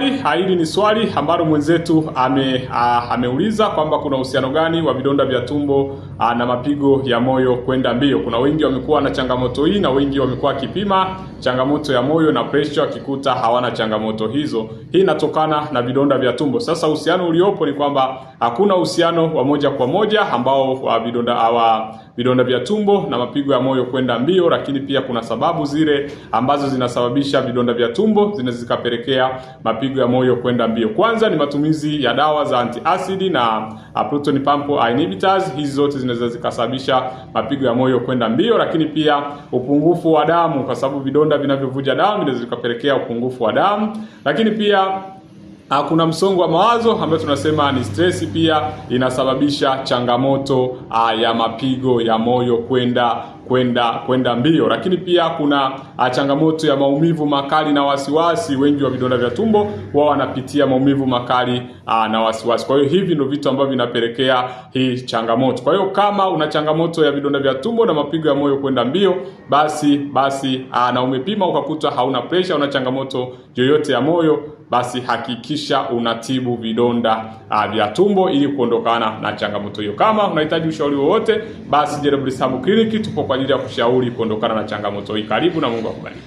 swali hili ni swali ambalo mwenzetu ame, a, ameuliza kwamba kuna uhusiano gani wa vidonda vya tumbo a, na mapigo ya moyo kwenda mbio. Kuna wengi wamekuwa na changamoto hii na wengi wamekuwa wakipima changamoto ya moyo na pressure wakikuta hawana changamoto hizo. Hii inatokana na vidonda vya tumbo. Sasa uhusiano uliopo ni kwamba hakuna uhusiano wa moja kwa moja ambao wa vidonda wa vidonda vya tumbo na mapigo ya moyo kwenda mbio, lakini pia kuna sababu zile ambazo zinasababisha vidonda vya tumbo zinazikapelekea mapigo mapigo ya moyo kwenda mbio. Kwanza ni matumizi ya dawa za antiacid na uh, proton pump inhibitors. Hizi zote zinaweza zikasababisha mapigo ya moyo kwenda mbio, lakini pia upungufu wa damu, kwa sababu vidonda vinavyovuja damu vinaweza vikapelekea upungufu wa damu, lakini pia uh, kuna msongo wa mawazo ambayo tunasema ni stress, pia inasababisha changamoto uh, ya mapigo ya moyo kwenda kwenda kwenda mbio, lakini pia kuna ah, changamoto ya maumivu makali na wasiwasi. Wengi wa vidonda vya tumbo wao wanapitia maumivu makali aa, ah, na wasiwasi. Kwa hiyo hivi ndio vitu ambavyo vinapelekea hii changamoto. Kwa hiyo kama una changamoto ya vidonda vya tumbo na mapigo ya moyo kwenda mbio, basi basi aa, ah, na umepima ukakuta hauna pressure, una changamoto yoyote ya moyo, basi hakikisha unatibu vidonda uh, vya tumbo ili kuondokana na changamoto hiyo. Kama unahitaji ushauri wowote, basi Jeroboam Clinic tupo kwa ajili ya kushauri kuondokana na changamoto hii. Karibu na Mungu akubariki.